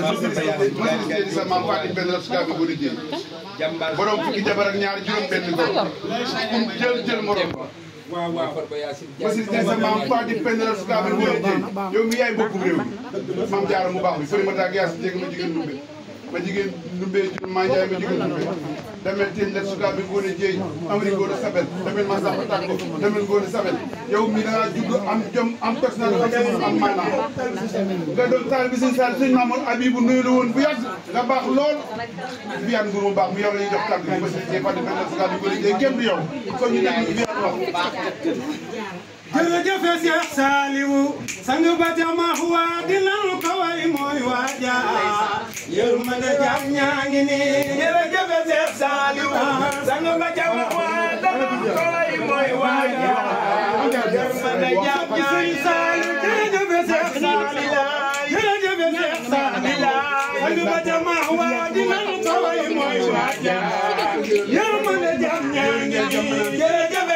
leen sa maam Fatou benn la suka ko di jël borom fukki jabar ak ñaar juróom benn góor jël jël morom waaw waaw Massi Dieng sa maam Fatou benn la suka di jël yow mi yaay bokkum réew mi maam Diarra mu baax bi sëriñ ma tàgg yaa si jéeg ma jigéen ma jigéen Ndoumbe Diouf maa Ndiaye ma jigéen Ndoumbe. damel Tine Ndeye Souka bi Ngoné Dieye Amady Ngoné Sabel damel Massamba Tango damel Ngoné Sabel. yow mi da jug am jom am personnalité am maanaam. nga doon taal nuyu la woon bu yàgg nga baax lool. Viviane Ndour mu baax mu yow la ñuy jox kàddu gi ba si jéem a di mel ne Souka bi Ngoné Dieye ñu nekk Viviane Cheikh Saliou sang ba jama huwa dilal ko way mooy waaja yërmande jam ñaa ngi ni jërëjëf Cheikh Saliou sang ba jama huwa dilal ko way mooy waaja yërmande jam ñaa ngi Saliou jërëjëf Cheikh Saliou jërëjëf Cheikh Saliou sang ba jama huwa dilal ko way mooy waaja yërmande jam ñaa ngi ni jërëjëf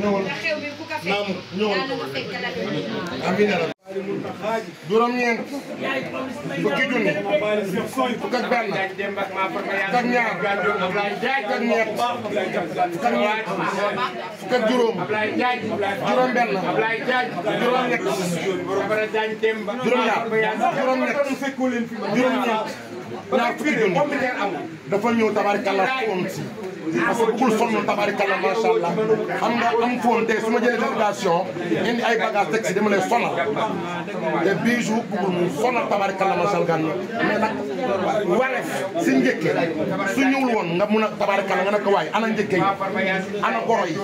ñëwal naam ñëwal amiin juróom-ñeent fukki junni fukk ak benn fukk ak ñaar fukk ak ñett fukk ak ñett fukk ak juróom juróom benn juróom ñett juróom ñaar juróom ñett juróom ñett ñaar fukki junni dafa ñëw tabaarkalla si parce que bu dul sonn tabaarkalla macha allah xam nga lu mu fóon tey su ma jëlee indi ay bagage teg si dama lay sonal te Bijou bëggul mu sonal tabaarkalla ma salgan ni mais nag wareef si njëkke su ñëwul woon nga mun a tabaarkalla nga ne ko waaye ana njëkke yi ana goro yi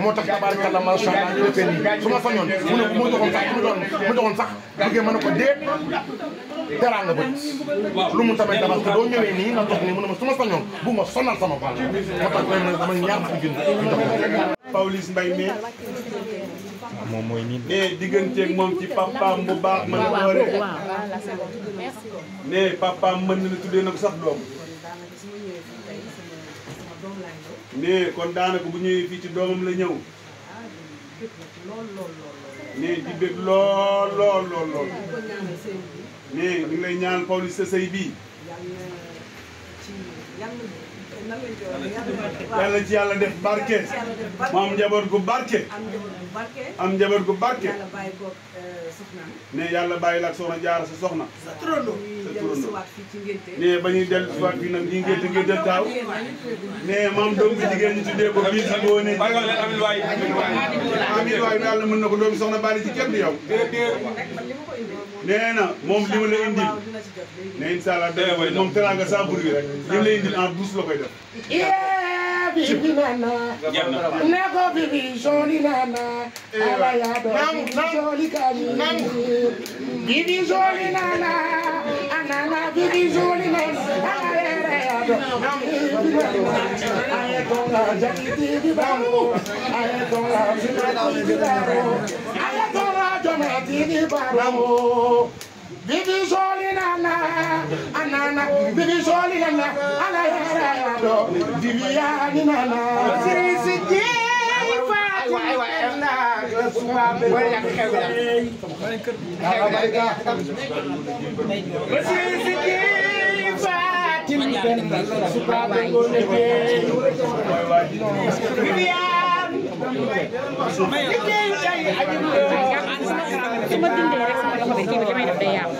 moo tax tabaarkalla ma sha Allah ñu defee nii su ne bu ma doxoon sax mu doon sax bëggee mën a ko déet teraa nga bët lu mu tamit dabal te doo ñëwee nii nga toog nii mu ne ma su ma sañoon bu ma sonal sama bal moo tax ma ñaar fukki junni ñu Pawlish Mbaye ne moom mooy nii moom ci papaam bu baax mën na doore ne sax doom ne kon daanaka bu ñëwee fii ci doomam la ñëw ne di lool lool lool lool ne lay ñaan Pawlish sa sëy bii yàlla ci yàlla def barke mu am njaboot gu barke am njaboot gu barke ne yàlla bàyyi la ak soxna jaara sa soxna sa turandoo ne ba ñuy dellu si waat fii nag ñi ngénte taaw ne maam doom bi jigéen ñu tuddee ko bii si woon amin waay amin waay yàlla mën na ko doomi soxna bàyyi ci kenn du yow nee na moom li la indil ne incha allah eh, moom teraanga sa bur bi rek la indil en douce la koy def. bibi nana. ne ko bibi joli nana. ala y'a dɔn bibi joli ka nana. a ala yɛrɛ y'a dɔn. a bi ba wo. a ye dɔn bi a ye dɔn ka jɔnati bi ba nana. do diliyaani nana siri si jeey faati na suba bo yak xew ya siri si jeey faati na suba bo ne jeey liggéey tey aji bu su ma dindee rek sama loxo bi kii bi li may def day yàqu.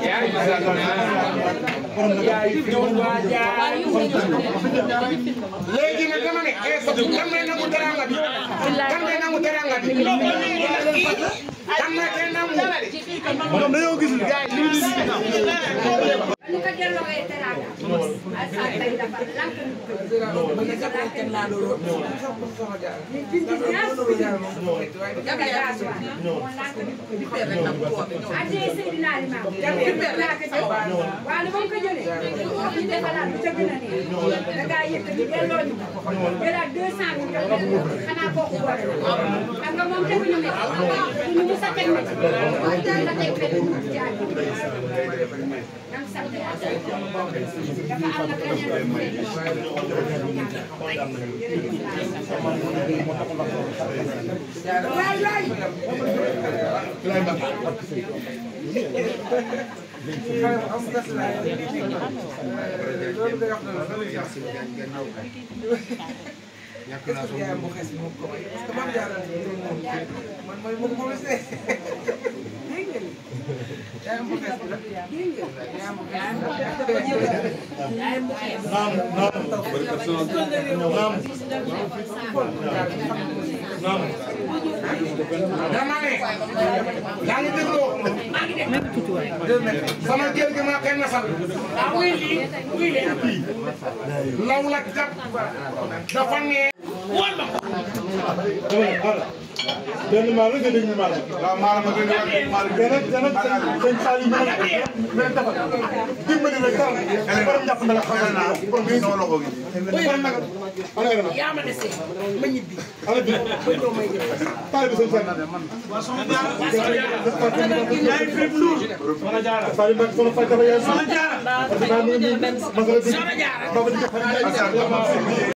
léegi nag dama ne eh, kan may nangu teranga bi kan may nangu teranga bi kan may nangu. moom dañoo gis. dafa am yàq naa soo mu xees bi moom ko may parce que man jaarale moom man mooy moom sama jël gi maa koy nasal ah wuy lii wuy lii law la jàpp dafa nee wol ma ko. dama ne Mara. benn Mara nga déglu Mara. waaw Mara ma gën a Mara gën a gën a seen saal yi ñu ne leen defal. dimbali rek dara. borom njàpp na la xamal naa borom bi sama loxo gi. borom nag ana nga yaa ma dese ma ñibbi. ala bi bëjoo may ñibbi. taal bi seen saal. waa soxna Diarra. waa soxna Diarra. yaay Philippe Ndour. soxna Diarra. Sadio Mbacke soxna Faye Kaba yaay. soxna Diarra. soxna Diarra.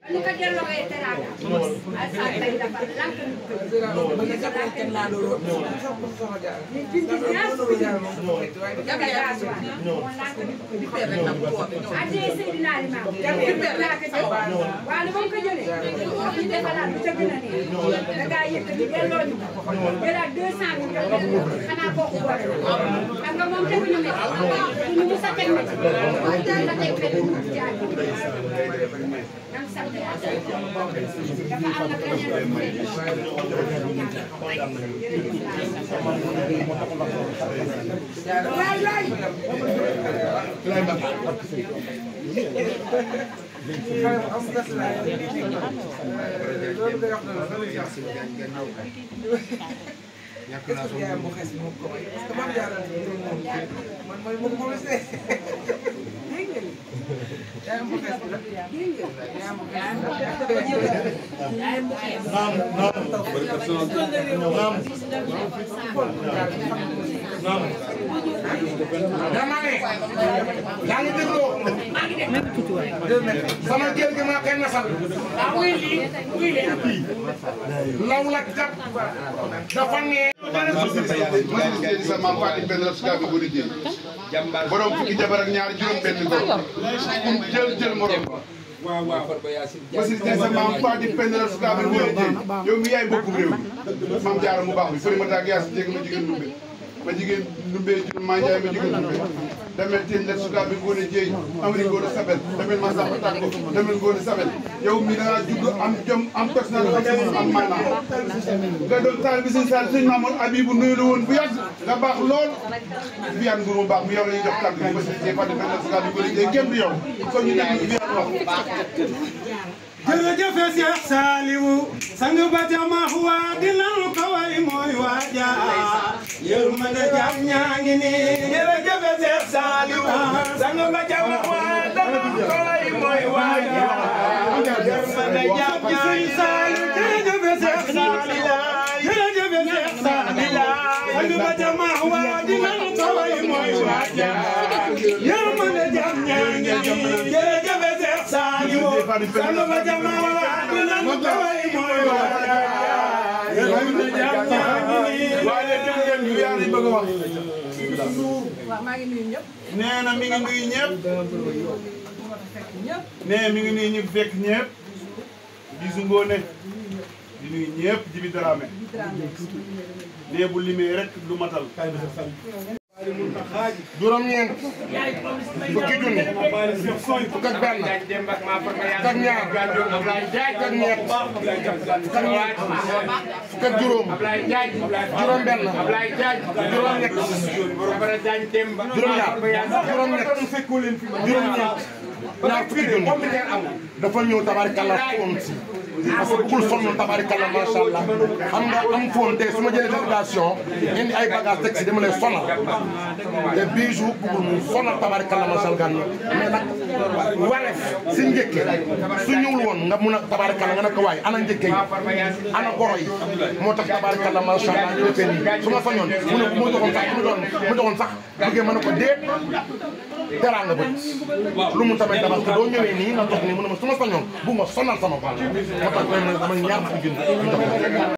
muka delloo ngay teraanga alxames bay defar lànk ñu ko waaw ni ma ko jëlee ñu defalaat bi ca gën a neex da ngaa yëkkati delloo ñu ko jëlaat deux cent mille xanaa kooku boole xam nga moom teguñu ne ñu mu sa teg ne ci ñàkk naa soo mu xes moom ko parce que man yaa man mooy moom sama jël gi maa koy nasal law la jàpp dafa ne di sa a Fatick benn rab sukaab bu di jël borom fukki jabar ak ñaar juróom benn góor jël jël morom waaw waaw Massi Cissé maam Fatick benn rab sukaab di jël yow mi yaay bokkub réew maam jaara mu baax bi fëri ma tàgg yaa si ma jigéen ndumbe ma jigéen ndumbe ma njaay ma jigéen ndumbe damel tin let suka bi ngoone jeey amri ngoone sabel damel ma samba tànko damel ngoone sabel yow mi dangaa judd am jom am personnalité am maanaam nga doon taal bi sëñ Sall sëñ Mamoun Abibou nuyu la woon bu yàgg nga baax lool Viviane Ndour mu baax mu yow la ñuy jox kàddu bi parce que des fois damel let suka bi ngoone jeey kenn du yow soo ñu dem Viviane wax jërëjëf Cheikh Saliou sang ba jamaax waa di lan ko way mooy waa jaa yërmande jaam ñaa ngi nii saaliw sanga ba jama waa dana koy mooy waaja ma na jàpp ñooy saaliw jërëjëf mooy waaja ma waaw maa ngi nuyu ñëpp. nee na mi ngi nuyu ñëpp. nee mi ngi nuyu ñëpp fekk ñëpp. bisu ngoone. di nuyu ñëpp Djiby Dramé. nee bu limee rek du matal. juróom-ñeent fukki junni fukk ak benn fukk ak ñaar fukk ak ñett fukk ak ñeent fukk ak juróom juróom-benn juróom-ñett juróom-ñaar juróom-ñett juróom-ñeent ñaar fukki junni dafa ñëw tabarkalla si. parce que bëggul sonn tabaarikalla macha allah xam nga am foon tey su ma jëlee délégation indi ay bagage teg si dama lay sonal te Bijou bëggul mu sonal tabaarikalla macha allah gan mais nag wareef si njëkke su ñëwul woon nga mun a tabaarikalla nga ne ko waay ana njëkke yi ana goro yi moo tax tabaarikalla macha allah ñu defee nii su ma fañoon mu ne sax mu doxoon sax a ko dee teraanga ba lu mu tamay dama doo ñëwee nii na toog nii mu ne ma su ma sañoon bu ma sonal sama baal ma tax damay ñaar fukki junni